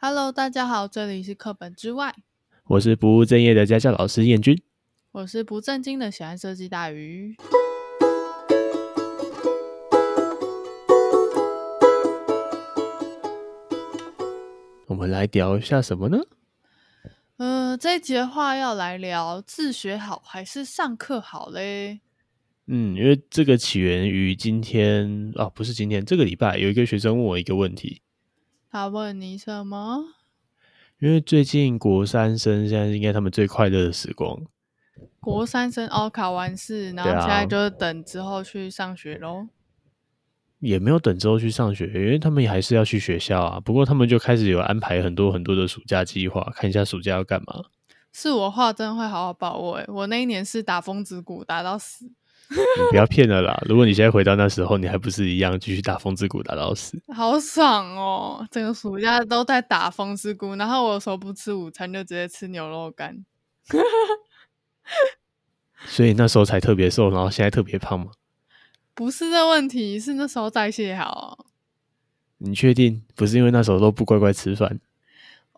Hello，大家好，這裡是課本之外。我是不務正業的家教老師燕軍。我是不正經的，喜歡設計大魚。我們來聊一下什麼呢？嗯，這一集的話要來聊自學好還是上課好嘞？嗯，因為這個起源於今天啊、哦，不是今天，這個禮拜有一個學生問我一個問題。他問你什麼？因為最近國三生現在是應該他們最快樂的時光。國三生哦，考完試，然後現在就等之後去上學咯、啊、也沒有等之後去上學，因為他們還是要去學校啊。不過他們就開始有安排很多很多的暑假計劃，看一下暑假要幹嘛。是我話真的會好好把握、欸、我那一年是打楓之谷打到死。 你不要騙了啦！如果你現在回到那時候，你還不是一樣繼續打風之谷打到死？好爽哦！整個暑假都在打風之谷，然後我有時候不吃午餐就直接吃牛肉乾， 所以那時候才特別瘦，然後現在特別胖嗎？不是這問題，是那時候代謝好。你確定不是因為那時候都不乖乖吃飯？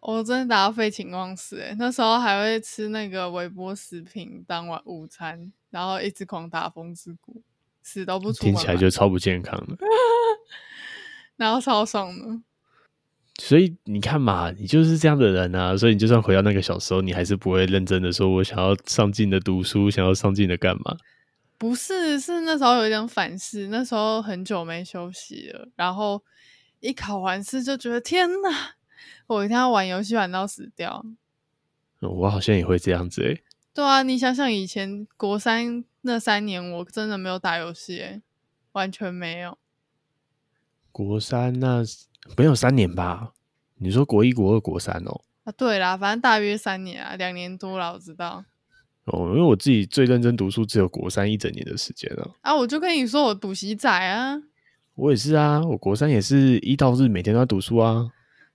我真的打到廢寢忘食，哎，那時候還會吃那個微波食品當晚午餐。然後一直狂打《風之谷》，死都不出。聽起來就超不健康的， 然後超爽的。所以你看嘛，你就是這樣的人啊！所以你就算回到那個小時候，你還是不會認真的說“我想要上進的讀書，想要上進的幹嘛”。不是，是那時候有一點反思。那時候很久沒休息了，然後一考完試就覺得“天哪，我一定要玩遊戲玩到死掉”哦。我好像也會這樣子，欸。對啊，你想想以前國三那三年，我真的沒有打遊戲，哎，完全沒有。國三那沒有三年吧？你說國一、國二、國三哦、喔？啊，對啦，反正大約三年啊，兩年多啦，我知道。哦，因為我自己最認真讀書只有國三一整年的時間了、啊。啊，我就跟你說，我補習仔啊。我也是啊，我國三也是一到日每天都要讀書啊。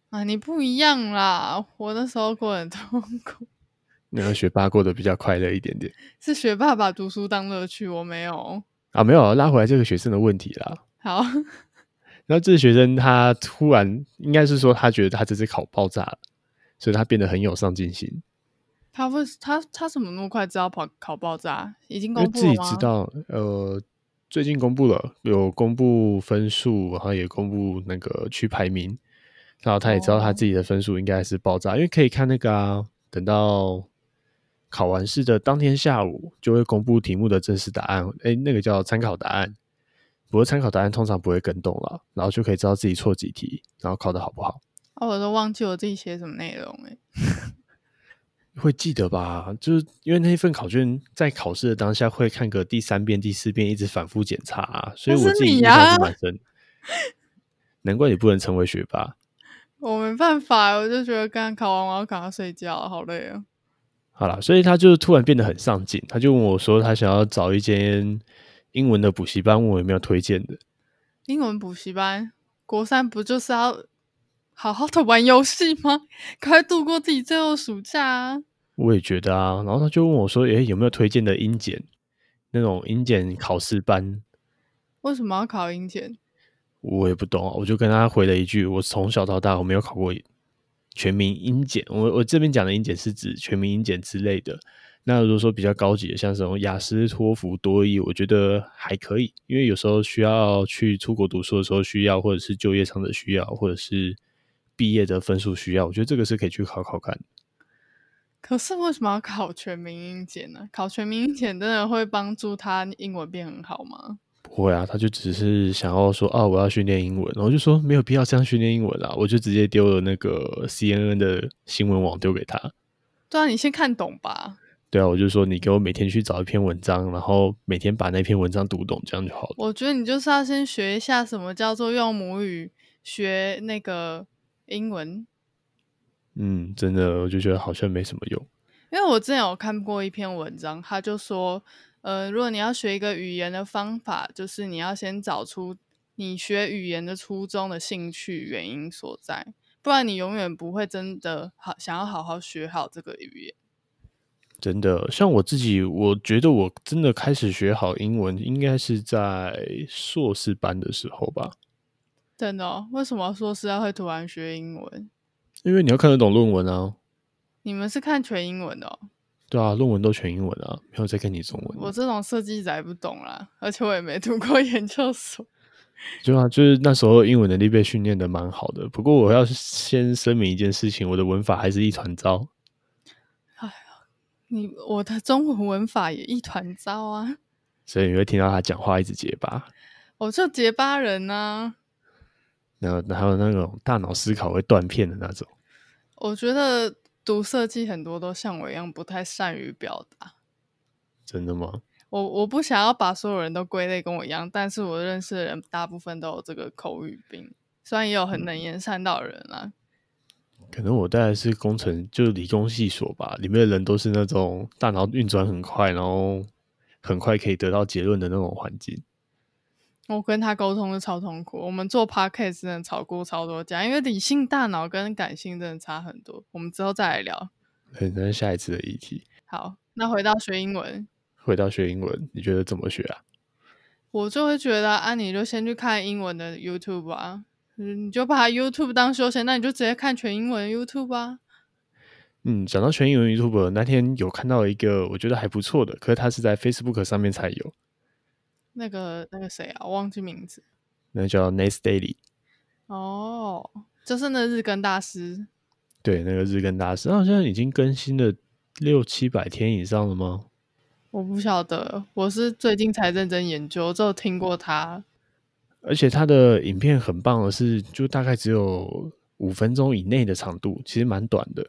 啊，你不一樣啦，我那時候過很痛苦。然後學霸過得比較快樂一點點，是學霸把讀書當樂趣，我沒有啊，沒有拉，回來這個學生的問題啦。好，然後這個學生他突然應該是說，他覺得他這次考爆炸了，所以他變得很有上進心。他不，他他怎麼那麼快知道考考爆炸？已經公布了嗎？自己知道。呃，最近公布了，有公布分數，然後也公布那個區排名，然後他也知道他自己的分數應該是爆炸，哦，因為可以看那個啊，等到。考完試的當天下午，就會公布題目的正式答案。哎，那個叫參考答案。不過參考答案通常不會更動了，然後就可以知道自己錯幾題，然後考得好不好。啊、哦，我都忘記我自己寫什麼內容，哎、欸。 會記得吧？就是因為那一份考卷在考試的當下會看個第三遍、第四遍，一直反復檢查、啊，所以我自己印象是蠻、啊、深。 難怪你不能成為學霸。我沒辦法、欸，我就覺得剛考完，完我要趕快睡覺，好累啊。好啦，所以他就是突然變得很上進，他就問我說：“他想要找一間英文的補習班，問我有沒有推薦的。”英文補習班，國三不就是要好好的玩遊戲嗎？快度過自己最後暑假啊。我也覺得啊，然後他就問我說：“誒、欸、有沒有推薦的英檢？那種英檢考試班？為什麼要考英檢？我也不懂啊，我就跟他回了一句：我從小到大我沒有考過全民英檢，我我這邊講的英檢是指全民英檢之類的。那如果說比較高級的，像什麼雅思、托福、多益，我覺得還可以，因為有時候需要去出國讀書的時候需要，或者是就業上的需要，或者是畢業的分數需要，我覺得這個是可以去考考看。可是為什麼要考全民英檢呢、啊？考全民英檢真的會幫助他英文變很好嗎？不會啊，他就只是想要說啊，我要訓練英文，然後就說沒有必要這樣訓練英文啦，我就直接丟了那個 CNN 的新聞網丟給他。對啊，你先看懂吧。對啊，我就說你給我每天去找一篇文章，然後每天把那篇文章讀懂，這樣就好了。我覺得你就是要先學一下什麼叫做用母語學那個英文。嗯，真的，我就覺得好像沒什麼用。因為我之前有看過一篇文章，他就說，呃，如果你要學一個語言的方法，就是你要先找出你學語言的初衷，的興趣，原因所在，不然你永遠不會真的好想要好好學好這個語言。真的，像我自己，我覺得我真的開始學好英文，應該是在碩士班的時候吧。真的哦？為什麼碩士要會突然學英文？因為你要看得懂論文啊。你們是看全英文的哦？對啊，論文都全英文啊，沒有在跟你中文、啊。我這種設計才不懂啦，而且我也沒讀過研究所。就 啊，就是那時候英文能力被訓練得蠻好的。不過我要先聲明一件事情，我的文法還是一團糟。唉，你我的中文文法也一團糟啊。所以你會聽到他講話一直結巴。我就結巴人啊。然後然後，那種大腦思考會斷片的那種。我覺得。讀設計很多都像我一樣不太善於表達，真的嗎？我我不想要把所有人都歸類跟我一樣，但是我認識的人大部分都有這個口語病，雖然也有很能言善道的人啦、啊。嗯。可能我帶的是工程，就是理工系所吧，裡面的人都是那種大腦運轉很快，然後很快可以得到結論的那種環境。我跟他溝通的超痛苦，我們做 podcast 真的吵過超多架，因為理性大腦跟感性真的差很多。我們之後再來聊，變成下一次的議題。好，那回到學英文，回到學英文，你覺得怎麼學啊？我就會覺得，啊，你就先去看英文的 YouTube 啊，你就把 YouTube 當休閒，那你就直接看全英文 YouTube 吧，啊。嗯，講到全英文 YouTube，那天有看到一個我覺得還不錯的，可是它是在 Facebook 上面才有。那個那個誰啊？我忘記名字。那叫 Nest Daily。哦，oh, 就是那日更大師。對，那個日更大師，那好像已經更新了六七百天以上了嗎？我不曉得，我是最近才認真研究，只有聽過他。而且他的影片很棒的是，就大概只有五分鐘以內的長度，其實蠻短的。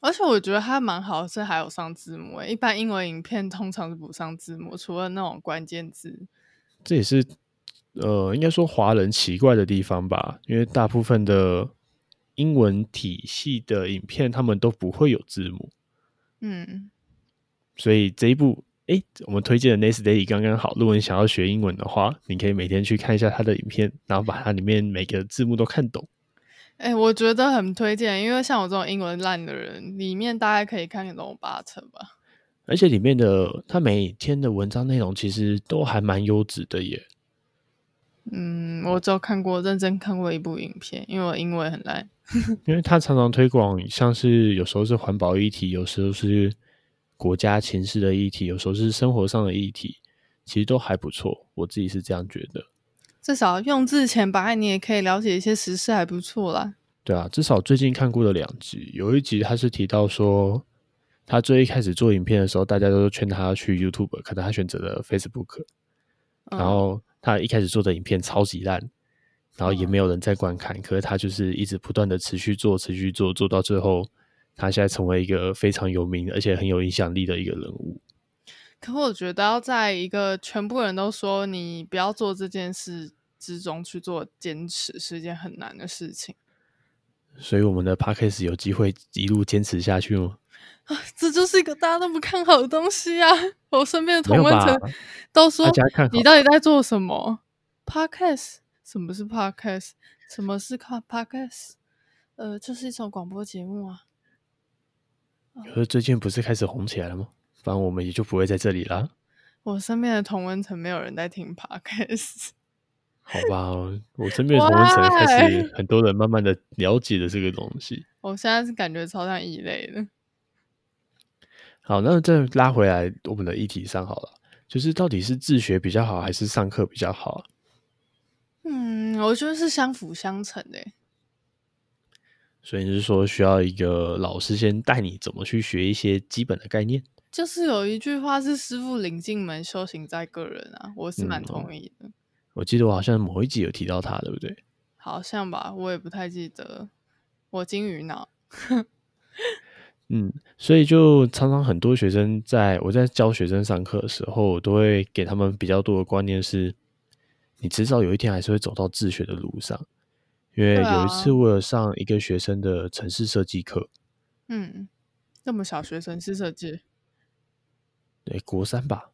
而且我覺得他蠻好的是，還有上字幕、欸。一般英文影片通常是不上字幕，除了那種關鍵字。這也是呃，應該說華人奇怪的地方吧，因為大部分的英文體系的影片，他們都不會有字幕。嗯，所以這一部，哎、欸，我們推薦的 Nest Daily 剛剛好。如果你想要學英文的話，你可以每天去看一下它的影片，然後把它裡面每個字幕都看懂。哎、欸，我覺得很推薦，因為像我這種英文爛的人，裡面大概可以看懂八成吧。而且裡面的他每天的文章內容其實都還蠻優質的耶。嗯，我只有看過認真看過一部影片，因為我英文很爛。 因為他常常推廣，像是有時候是環保議題，有時候是國家情勢的議題，有時候是生活上的議題，其實都還不錯，我自己是這樣覺得。至少用字淺白，你也可以了解一些時事，還不錯啦。對啊，至少最近看過的兩集，有一集他是提到說，他最一開始做影片的時候，大家都勸他去 YouTube，可是他選擇了 Facebook，嗯。然後他一開始做的影片超級爛，然後也沒有人在觀看。嗯、可是他就是一直不斷的持續做，持續做，做到最後，他現在成為一個非常有名而且很有影響力的一個人物。可我覺得，要在一個全部人都說你不要做這件事之中去做，堅持是一件很難的事情。所以，我們的 Podcast 有機會一路堅持下去嗎？啊，這就是一個大家都不看好的東西呀，啊！我身邊的同溫層都說：“你到底在做什麼？Podcast？什麼是 Podcast？什麼是 Podcast？呃，就是一場廣播節目啊。”可是最近不是開始紅起來了嗎？反正我們也就不會在這裡啦。我身邊的同溫層沒有人在聽 Podcast。好吧，我身邊的同溫層開始很多人慢慢的了解了這個東西。 Why? 我現在是感覺超像異類的。好，那再拉回來我們的議題上好了，就是到底是自學比較好還是上課比較好？嗯，我覺得是相輔相成的，所以你是說需要一個老師先帶你怎麼去學一些基本的概念？就是有一句話是“師傅領進門，修行在個人”啊，我是蠻同意的。嗯，我記得我好像某一集有提到他，對不對？好像吧，我也不太記得，我金魚腦。 嗯，所以就常常很多學生，在我在教學生上課的時候，我都會給他們比較多的觀念是，你遲早有一天還是會走到自學的路上。因為有一次，我有上一個學生的程式設計課，嗯，那麼小學程式設計，對，國三吧？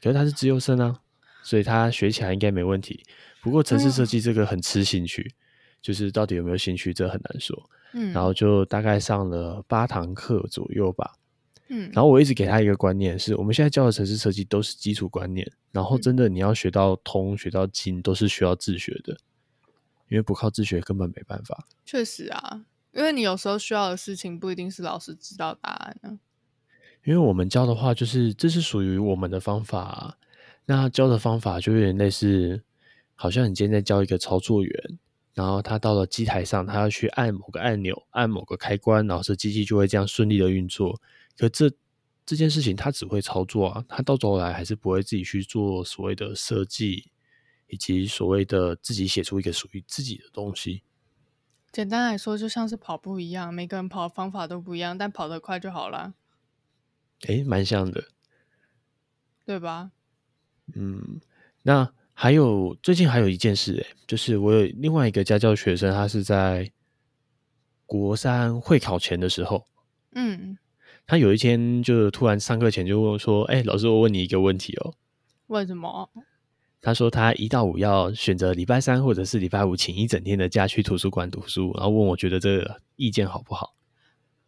可是他是資優生啊，所以他學起來應該沒問題。不過程式設計這個很吃興趣。哎就是到底有沒有興趣，這很難說。嗯，然後就大概上了八堂課左右吧。嗯，然後我一直給他一個觀念是，是我們現在教的程式設計都是基礎觀念，然後真的你要學到通，嗯、學到精，都是需要自學的，因為不靠自學根本沒辦法。確實啊，因為你有時候需要的事情不一定是老師知道答案呢、啊。因為我們教的話，就是這是屬於我們的方法、啊，那教的方法就有點類似，好像你今天在教一個操作員。然後他到了機台上，他要去按某個按鈕，按某個開關，然後這機器就會這樣順利的運作。可這這件事情，他只會操作啊，他到頭來還是不會自己去做所謂的設計，以及所謂的自己寫出一個屬於自己的東西。簡單來說，就像是跑步一樣，每個人跑的方法都不一樣，但跑得快就好了。誒，蠻像的，對吧？嗯，那。還有最近還有一件事欸，就是我有另外一個家教學生，他是在國三會考前的時候，嗯，他有一天就突然上課前就問我說：“欸，老師，我問你一個問題喔，為什麼？”他說他一到五要選擇禮拜三或者是禮拜五請一整天的假去圖書館讀書，然後問我覺得這個意見好不好？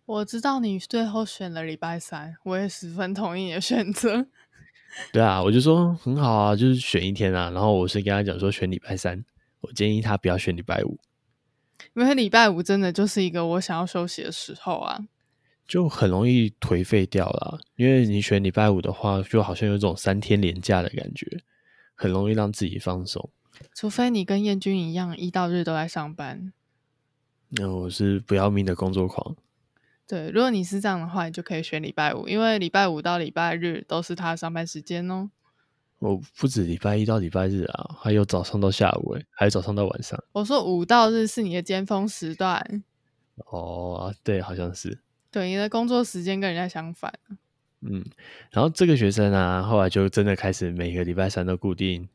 我知道你最後選了禮拜三，我也十分同意你的選擇。 對啊，我就說很好啊，就是選一天啊。然後我是跟他講說選禮拜三，我建議他不要選禮拜五，因為禮拜五真的就是一個我想要休息的時候啊，就很容易頹廢掉了。因為你選禮拜五的話，就好像有一種三天連假的感覺，很容易讓自己放鬆。除非你跟燕軍一樣，一到日都在上班。那我是不要命的工作狂。對，如果你是這樣的話，你就可以選禮拜五，因為禮拜五到禮拜日都是他的上班時間哦。我不止禮拜一到禮拜日啊，還有早上到下午哎，還有早上到晚上。我說五到日是你的尖峰時段。哦，對，好像是。對，你的工作時間跟人家相反。嗯，然後這個學生啊，後來就真的開始每個禮拜三都固定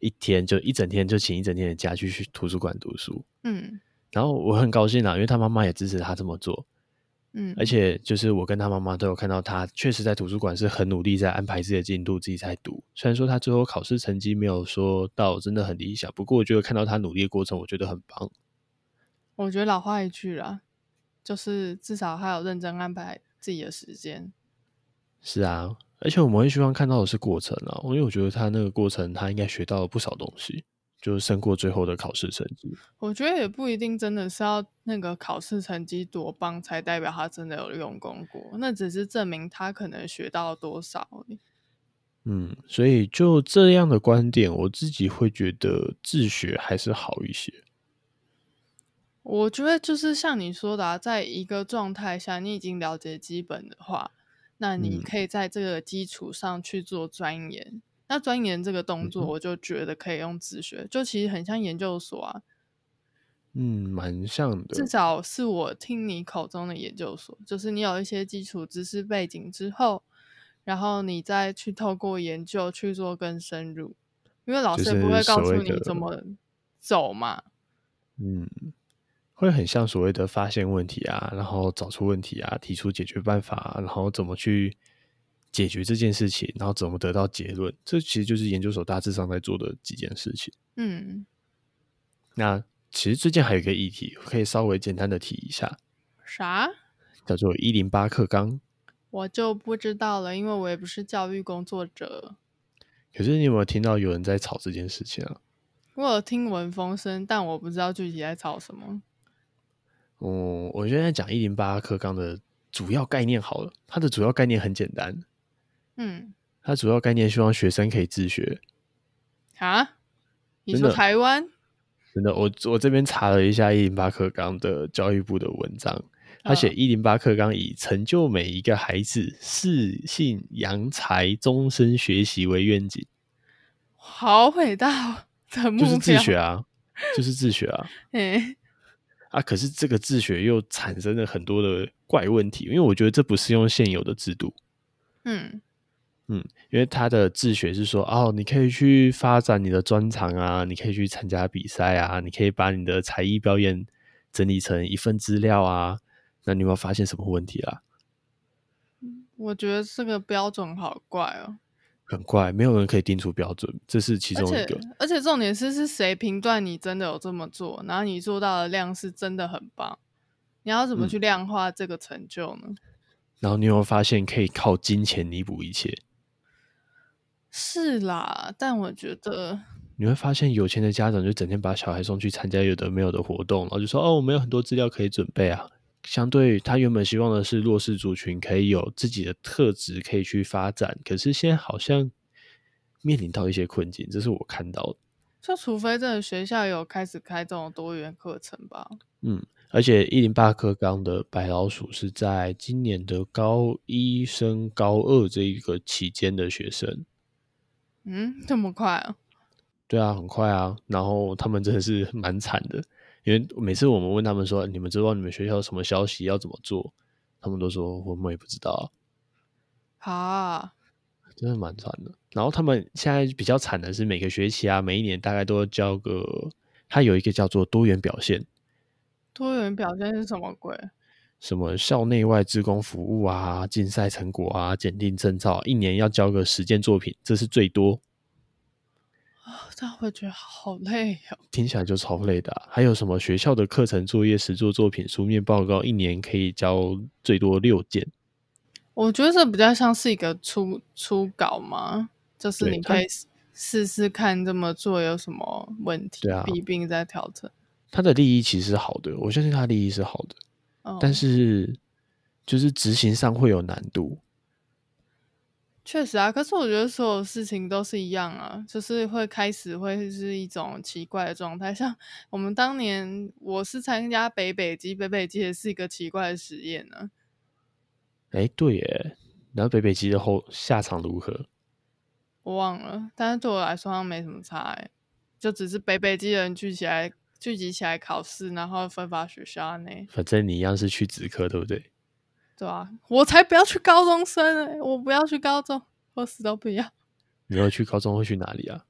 一天就，就一整天就請一整天的假去去圖書館讀書。嗯，然後我很高興啊，因為他媽媽也支持他這麼做。嗯，而且就是我跟他媽媽都有看到他，確實在圖書館是很努力，在安排自己的進度，自己在讀。雖然說他最後考試成績沒有說到真的很理想，不過我覺得看到他努力的過程，我覺得很棒。我覺得老話一句啦，就是至少他有認真安排自己的時間。是啊，而且我們會希望看到的是過程啊，因為我覺得他那個過程，他應該學到了不少東西。就是勝過最後的考試成績。我覺得也不一定，真的是要那個考試成績多棒才代表他真的有用功過，那只是證明他可能學到多少而已。嗯，所以就這樣的觀點，我自己會覺得自學還是好一些。我覺得就是像你說的啊，在一個狀態下，你已經了解基本的話，那你可以在這個基礎上去做鑽研。嗯。那鑽研這個動作，我就覺得可以用自學，嗯、哼就其實很像研究所啊。嗯，蠻像的。至少是我聽你口中的研究所，就是你有一些基礎知識背景之後，然後你再去透過研究去做更深入。因為老師不會告訴你怎麼走嘛。嗯，會很像所謂的發現問題啊，然後找出問題啊，提出解決辦法啊，然後怎麼去。解決這件事情，然後怎麼得到結論，這其實就是研究所大致上在做的幾件事情。嗯，那其實最近還有一個議題，可以稍微簡單的提一下。啥？叫做一零八課綱。我就不知道了，因為我也不是教育工作者。可是你有沒有聽到有人在吵這件事情啊？我有聽聞風聲，但我不知道具體在吵什麼。嗯，我現在講一零八課綱的主要概念好了，它的主要概念很簡單。嗯，他主要概念是希望學生可以自學啊？你說台灣真的？我我這邊查了一下一零八課綱的教育部的文章，他寫一零八課綱以成就每一個孩子，適、啊、性揚才，終身學習為願景，好偉大的目標，就是自學啊，就是自學啊，嗯、 欸，啊，可是這個自學又產生了很多的怪問題，因為我覺得這不適用現有的制度，嗯。嗯，因為他的自學是說，哦，你可以去發展你的專長啊，你可以去參加比賽啊，你可以把你的才藝表演整理成一份資料啊。那你有沒有發現什麼問題啊？我覺得這個標準好怪哦，喔。很怪，沒有人可以定出標準，這是其中一個。而且，而且重點是是誰評斷你真的有這麼做，然後你做到的量是真的很棒。你要怎麼去量化這個成就呢？嗯。然後你有沒有發現可以靠金錢彌補一切？是啦，但我覺得你會發現，有錢的家長就整天把小孩送去參加有的沒有的活動，然後就說：“哦，我們有很多資料可以準備啊。”相對於他原本希望的是弱勢族群可以有自己的特質可以去發展，可是現在好像面臨到一些困境，這是我看到的。就除非這個學校有開始開這種多元課程吧。嗯，而且一零八課綱的白老鼠是在今年的高一升高二這一個期間的學生。嗯，這麼快啊？對啊，很快啊。然後他們真的是蠻慘的，因為每次我們問他們說：“你們知道你們學校什麼消息要怎麼做？”他們都說：“我們也不知道。”啊，啊真的蠻慘的。然後他們現在比較慘的是，每個學期啊，每一年大概都要交個，他有一個叫做多元表現。多元表現是什麼鬼？什麼校內外志工服務啊，競賽成果啊，檢定證照，一年要交個十件作品，這是最多。啊、哦，這樣會覺得好累呀，哦。聽起來就超累的，啊。還有什麼學校的課程作業、實作作品、書面報告，一年可以交最多六件。我覺得這比較像是一個初初稿嘛，就是你可以試試看這麼做有什麼問題，對，對啊，一併在調整。他的利益其實是好的，我相信他的利益是好的。但是，就是執行上會有難度。確實啊，可是我覺得所有事情都是一樣啊，就是會開始會是一種奇怪的狀態。像我們當年，我是參加北北基，北北基也是一個奇怪的實驗呢、啊。哎、欸，對耶，然後北北基的後下場如何？我忘了，但是對我來說好像沒什麼差誒，就只是北北基的人聚起來，聚集起來考試，然後分發學校內。反正你一樣是去職科，對不對？對啊，我才不要去高中生，欸，我不要去高中，我死都不要。你要去高中會去哪裡啊？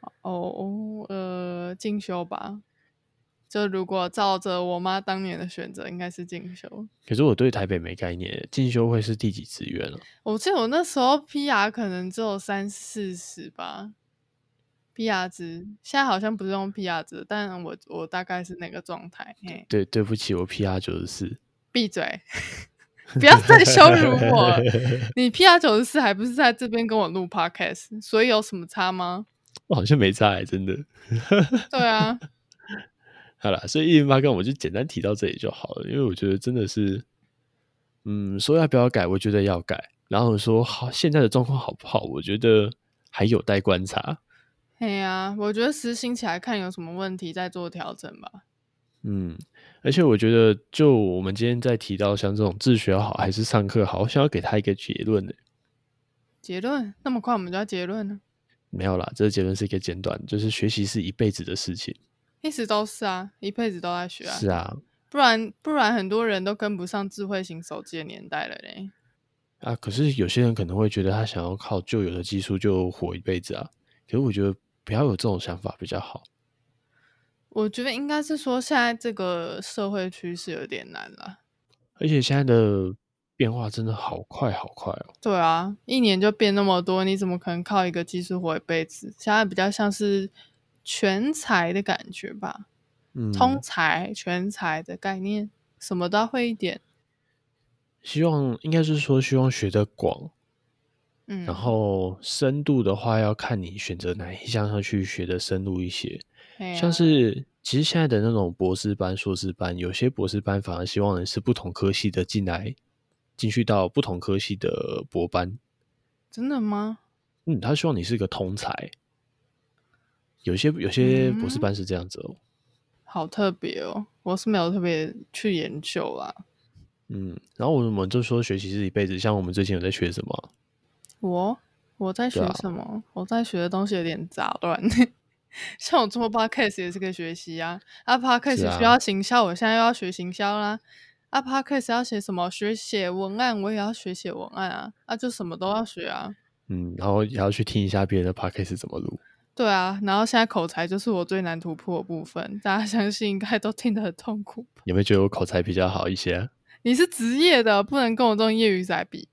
哦，哦，呃，進修吧。就如果照着我媽當年的選擇，應該是進修。可是我對台北沒概念，進修會是第幾志願了？我記得我那時候 P R 可能只有三四十吧。PR 值現在好像不是用 PR 值，但我我大概是那個狀態。對，對不起，我 PR 九十四。閉嘴！ 不要再羞辱我！ 你 PR 九十四還不是在這邊跟我錄 Podcast，所以有什麼差嗎？我好像沒差、欸，真的。 對啊。 好了，所以一零八綱，我就簡單提到這裡就好了，因為我覺得真的是，嗯，說要不要改，我覺得要改。然後說好，現在的狀況好不好？我覺得還有待觀察。哎呀、啊，我覺得實行起來看有什麼問題，再做調整吧。嗯，而且我覺得，就我們今天在提到像這種自學好還是上課好，我想要給他一個結論呢。結論？那麼快，我們就要結論呢？沒有啦，這個結論是一個簡短，就是學習是一輩子的事情，一直都是啊，一輩子都在學啊，是啊，不然不然很多人都跟不上智慧型手機的年代了嘞。啊，可是有些人可能會覺得他想要靠舊有的技術就活一輩子啊。其實我覺得不要有這種想法比較好。我覺得應該是說現在這個社會趨勢有點難了，而且現在的變化真的好快好快哦。對啊，一年就變那麼多，你怎麼可能靠一個技術活一輩子？現在比較像是全才的感覺吧，嗯、通才、全才的概念，什麼都要會一點。希望應該是說希望學得廣。嗯，然後深度的話要看你選擇哪一項上去學的深入一些。啊、像是其實現在的那種博士班、碩士班，有些博士班反而希望你是不同科系的進來，進去到不同科系的博班。真的嗎？嗯，他希望你是一個通才。有些有些博士班是這樣子哦、嗯，好特別哦，我是沒有特別去研究啊。嗯，然後我們就說學習是一輩子，像我們最近有在學什麼？我我在學什麼？啊、我在學的東西有點雜亂。 像我做 podcast 也是可以學習啊，阿、啊、podcast 需要行銷，啊、我現在又要學行銷啦、啊。啊 podcast 要寫什麼？學寫文案，我也要學寫文案啊。啊，就什麼都要學啊。嗯，然後也要去聽一下別人的 podcast 怎麼錄。對啊，然後現在口才就是我最難突破的部分，大家相信應該都聽得很痛苦。有沒有覺得我口才比較好一些？你是職業的，不能跟我這種業餘仔比。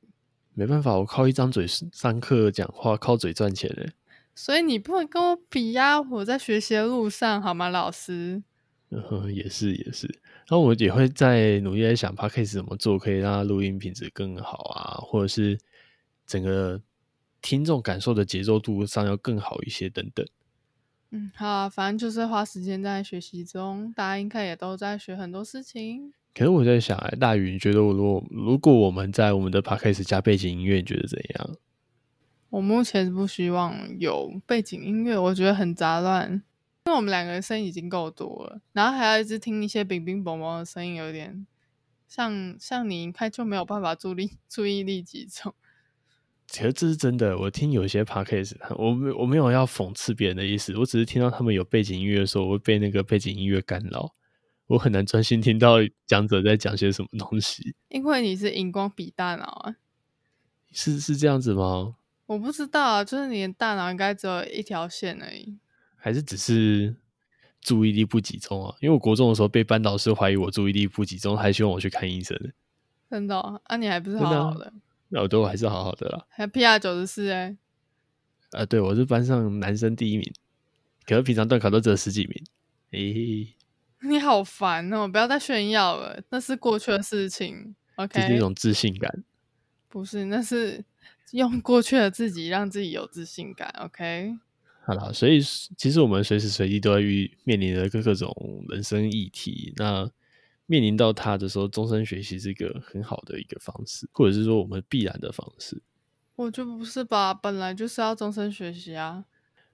沒辦法，我靠一張嘴上課講話，靠嘴賺錢的。所以你不能跟我比呀、啊！我在學習的路上，好嗎，老師？嗯，也是也是。那我也會在努力在想 Podcast 怎麼做可以讓它錄音品質更好啊，或者是整個聽眾感受的節奏度上要更好一些等等。嗯，好啊，反正就是花時間在學習中，大家應該也都在學很多事情。可是我在想啊、欸，大宇，你覺得我如果，如果我們在我們的 podcast 加背景音樂，你覺得怎樣？我目前不希望有背景音樂，我覺得很雜亂，因為我們兩個人聲音已經夠多了，然後還要一直聽一些乒乒乓乓的聲音，有點像像你，應該就沒有辦法注意注意力集中。其實這是真的，我聽有些 podcast，我沒我沒有要諷刺別人的意思，我只是聽到他們有背景音樂的時候，我會被那個背景音樂干擾。我很難專心聽到講者在講些什麼東西，因為你是熒光筆大腦啊？是是這樣子嗎？我不知道啊，就是你的大腦應該只有一條線而已，還是只是注意力不集中啊？因為我國中的時候被班導師懷疑我注意力不集中，還希望我去看醫生。真的、哦、啊？那你還不是好好的？真的啊、那我最後還是好好的啦。還 PR 九十四誒啊對，我是班上男生第一名，可是平常段考都只有十幾名，哎、欸。你好煩哦、喔！不要再炫耀了，那是過去的事情。嗯、OK，這是一種自信感，不是？那是用過去的自己讓自己有自信感。 OK，好啦，所以其實我們隨時隨地都要遇面臨的各各種人生議題。那面臨到他的時候，終身學習是一個很好的一個方式，或者是說我們必然的方式。我就不是吧，本來就是要終身學習啊。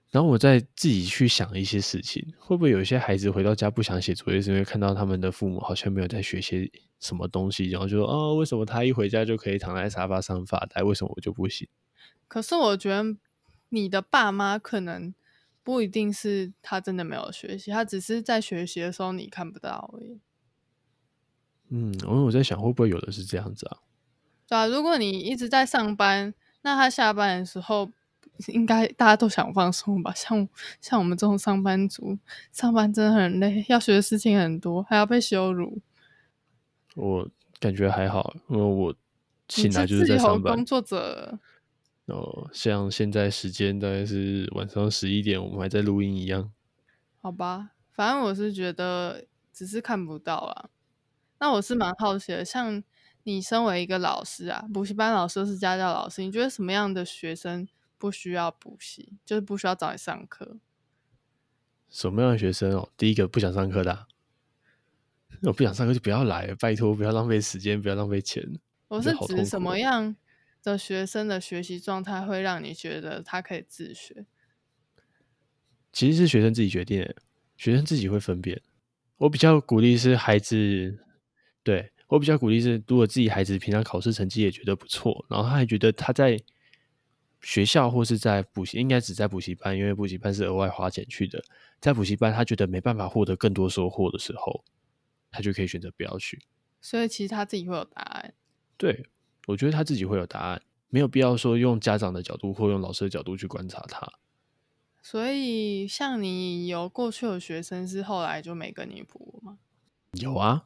然後我在自己去想一些事情，會不會有一些孩子回到家不想寫作業，是因為看到他們的父母好像沒有在學些什麼東西，然後就說：“哦，為什麼他一回家就可以躺在沙發上發呆？為什麼我就不行？”可是我覺得你的爸媽可能不一定是他真的沒有學習，他只是在學習的時候你看不到而已。嗯，我有在想，會不會有的是這樣子啊？對啊，如果你一直在上班，那他下班的時候。應該大家都想放鬆吧，像像我們這種上班族，上班真的很累，要學的事情很多，還要被羞辱。我感覺還好，因為我醒來就是在上班。你是自由工作者哦、呃，像現在時間大概是晚上十一點，我們還在錄音一樣。好吧，反正我是覺得只是看不到啊。那我是蠻好奇的，像你身為一個老師啊，補習班老師就是家教老師，你覺得什麼樣的學生？不需要補習，就是不需要找你上課。什麼樣的學生哦、喔？第一個不想上課的、啊，我不想上課就不要來，拜托不要浪費時間，不要浪費錢。我是指什麼樣的學生的學習狀態，會讓你覺得他可以自學？其實是學生自己決定，學生自己會分辨。我比較鼓勵是孩子，對我比較鼓勵是，如果自己孩子平常考試成績也覺得不錯，然後他還覺得他在。學校或是在補習，應該只在補習班，因為補習班是額外花錢去的。在補習班，他覺得沒辦法獲得更多收穫的時候，他就可以選擇不要去。所以，其實他自己會有答案。對，我覺得他自己會有答案，沒有必要說用家長的角度或用老師的角度去觀察他。所以，像你有過去的學生是後來就沒跟你補嗎？有啊，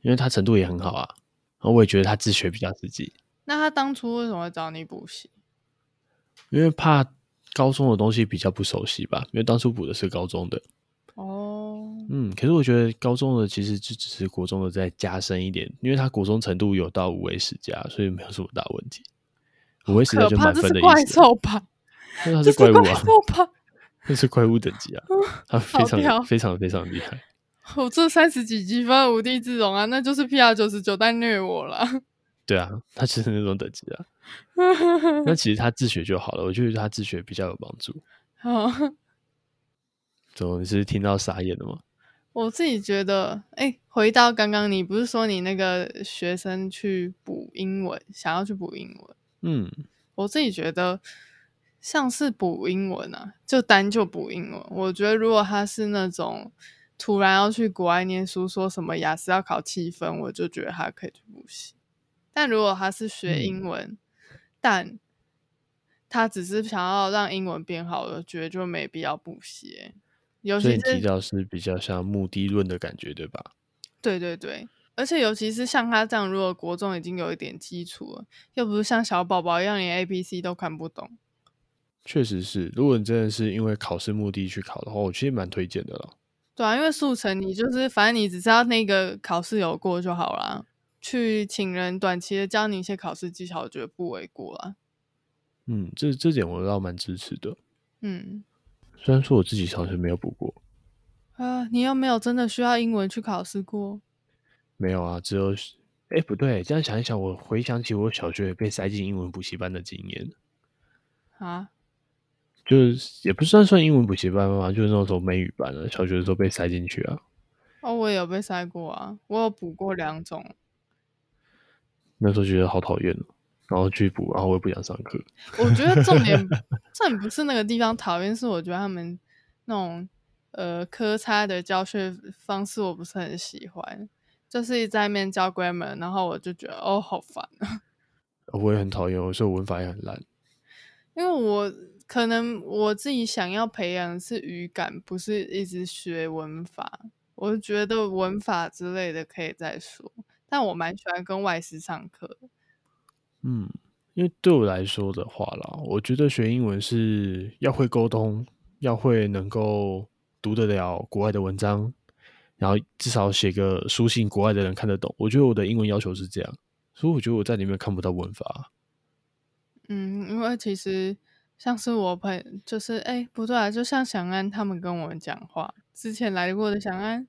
因為他程度也很好啊，我也覺得他自學比較積極。那他當初為什麼會找你補習？因為怕高中的東西比較不熟悉吧，因為當初補的是高中的。哦，oh. 嗯，可是我覺得高中的其實就只是國中的再加深一點，因為它國中程度有到五 A 十加，所以沒有什麼大問題。五 A 十加就滿分的意思？oh, okay. 怕怕是怪獸吧？他是，是怪物啊！那是， 是怪物等級啊！他非,、oh, 非常非常非常厲害。我、oh, 這三十幾級分無地自容啊！那就是 PR 九十九在虐我了。對啊，他其實是那種等級啊，那 其實他自學就好了。我就覺得他自學比較有幫助。好，oh. 怎麼你是，是聽到傻眼了嗎？我自己覺得，哎、欸，回到剛剛你，你不是說你那個學生去補英文，想要去補英文？嗯，我自己覺得像是補英文啊，就單就補英文。我覺得如果他是那種突然要去國外念書，說什麼雅思要考七分，我就覺得他可以去補習。但如果他是學英文，嗯、但他只是想要讓英文變好了，覺得就沒必要補習。尤其是提到是比較像目的論的感覺，對吧？對對對，而且尤其是像他這樣，如果國中已經有一點基礎了，又不是像小寶寶一樣連 A B C 都看不懂。確實是，如果你真的是因為考試目的去考的話，我其實蠻推薦的了。對啊，因為速成，你就是反正你只知道那個考試有過就好啦。去請人短期的教你一些考試技巧，我覺得不為過啊。嗯，這這點我倒蠻支持的。嗯，雖然說我自己小學沒有補過啊，你有沒有真的需要英文去考試過？沒有啊，只有……哎、欸，不對，這樣想一想，我回想起我小學也被塞進英文補習班的經驗啊，就是也不算算英文補習班吧，就是那種美語班的，小學的時候被塞進去啊。哦，我也有被塞過啊，我有補過兩種。那時候覺得好討厭，然後拒補，然後，然後我也不想上課。我覺得重點，重點 不是那個地方討厭，但是我覺得他們那種呃科差的教學方式我不是很喜歡，就是一直在面教 grammar，然後我就覺得哦，好煩啊！我也很討厭，我說文法也很爛， 因為我可能我自己想要培養的是語感，不是一直學文法。我覺得文法之類的可以再說。但我蠻喜歡跟外師上課的嗯，因為對我來說的話啦，我覺得學英文是要會溝通，要會能夠讀得了國外的文章，然後至少寫個書信，國外的人看得懂。我覺得我的英文要求是這樣，所以我覺得我在裡面看不到文法。嗯，因為其實像是我朋友，就是哎，不對啊，就像祥安他們跟我們講話之前來過的祥安，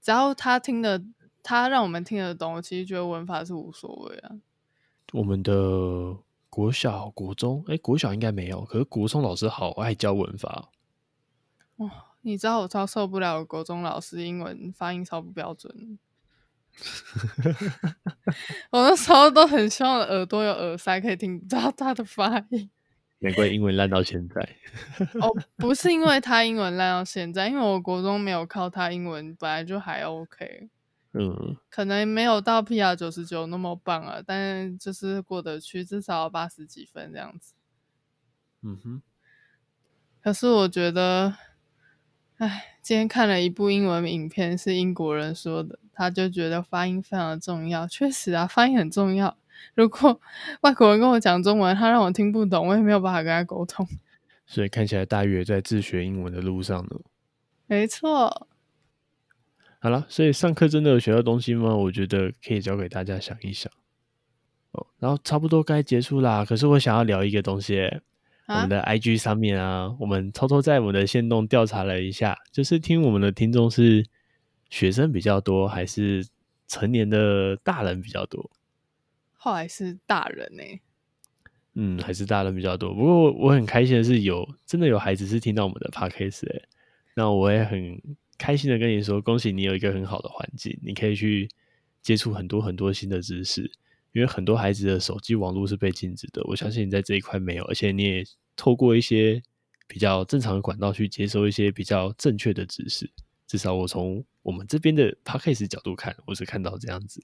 只要他聽的。他讓我們聽得懂，我其實覺得文法是無所謂啊。我們的國小、國中，哎、欸，國小應該沒有，可是國中老師好愛教文法。哦，你知道我超受不了國中老師英文發音超不標準的。 我那時候都很希望耳朵有耳塞可以聽不到他的發音。難怪英文爛到現在。 哦，不是因為他英文爛到現在，因為我國中沒有靠他英文，本來就還 OK。嗯，可能沒有到 PR 九十九那麼棒啊，但就是過得去，至少八十幾分這樣子。嗯哼。可是我覺得，哎，今天看了一部英文影片，是英國人說的，他就覺得發音非常的重要。確實啊，發音很重要。如果外國人跟我講中文，他讓我聽不懂，我也沒有辦法跟他溝通。所以看起來大約在自學英文的路上呢。沒錯。好了，所以上課真的有學到東西嗎？我覺得可以交給大家想一想。哦，然後差不多該結束啦。可是我想要聊一個東西、欸，啊、我們的 IG 上面啊，我們偷偷在我們的限動調查了一下，就是聽我們的聽眾是學生比較多，還是成年的大人比較多？後來是大人呢、欸？嗯，還是大人比較多。不過我很開心的是有，有真的有孩子是聽到我們的 Podcast、欸、那我也很。開心的跟你說，恭喜你有一個很好的環境，你可以去接觸很多很多新的知識。因為很多孩子的手機網絡是被禁止的，我相信你在這一塊沒有，而且你也透過一些比較正常的管道去接收一些比較正確的知識。至少我從我們這邊的 podcast 角度看，我是看到這樣子。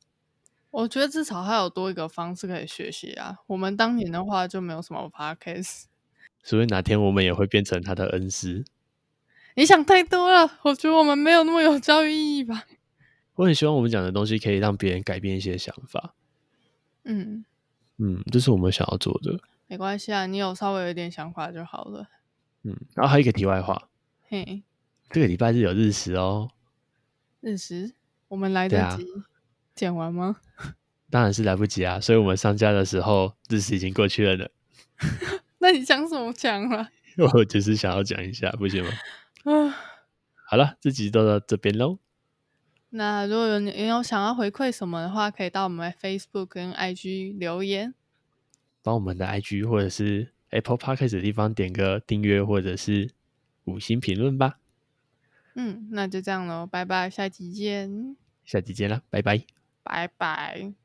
我覺得至少還有多一個方式可以學習啊。我們當年的話就沒有什麼 podcast、嗯、所以哪天我們也會變成他的恩師。你想太多了，我覺得我們沒有那麼有教育意義吧。我很希望我們講的東西可以讓別人改變一些想法。嗯嗯，這是我們想要做的。沒關係啊，你有稍微有一點想法就好了。嗯，然後還有一個題外話，嘿，這個禮拜日有日食哦。日食，我們來得及剪、啊、完嗎？當然是來不及啊，所以我們上架的時候，日食已經過去了呢。 那你講什麼講了、啊？ 我只是想要講一下，不行嗎？啊， 好了，這集就到這邊嘍。那如果有有想要回饋什麼的話，可以到我們 Facebook 跟 IG 留言，幫我們的 IG 或者是 Apple Podcast 開始的地方點個訂閱或者是五星評論吧。嗯，那就這樣嘍，拜拜，下期見。下期見啦，拜拜，拜拜。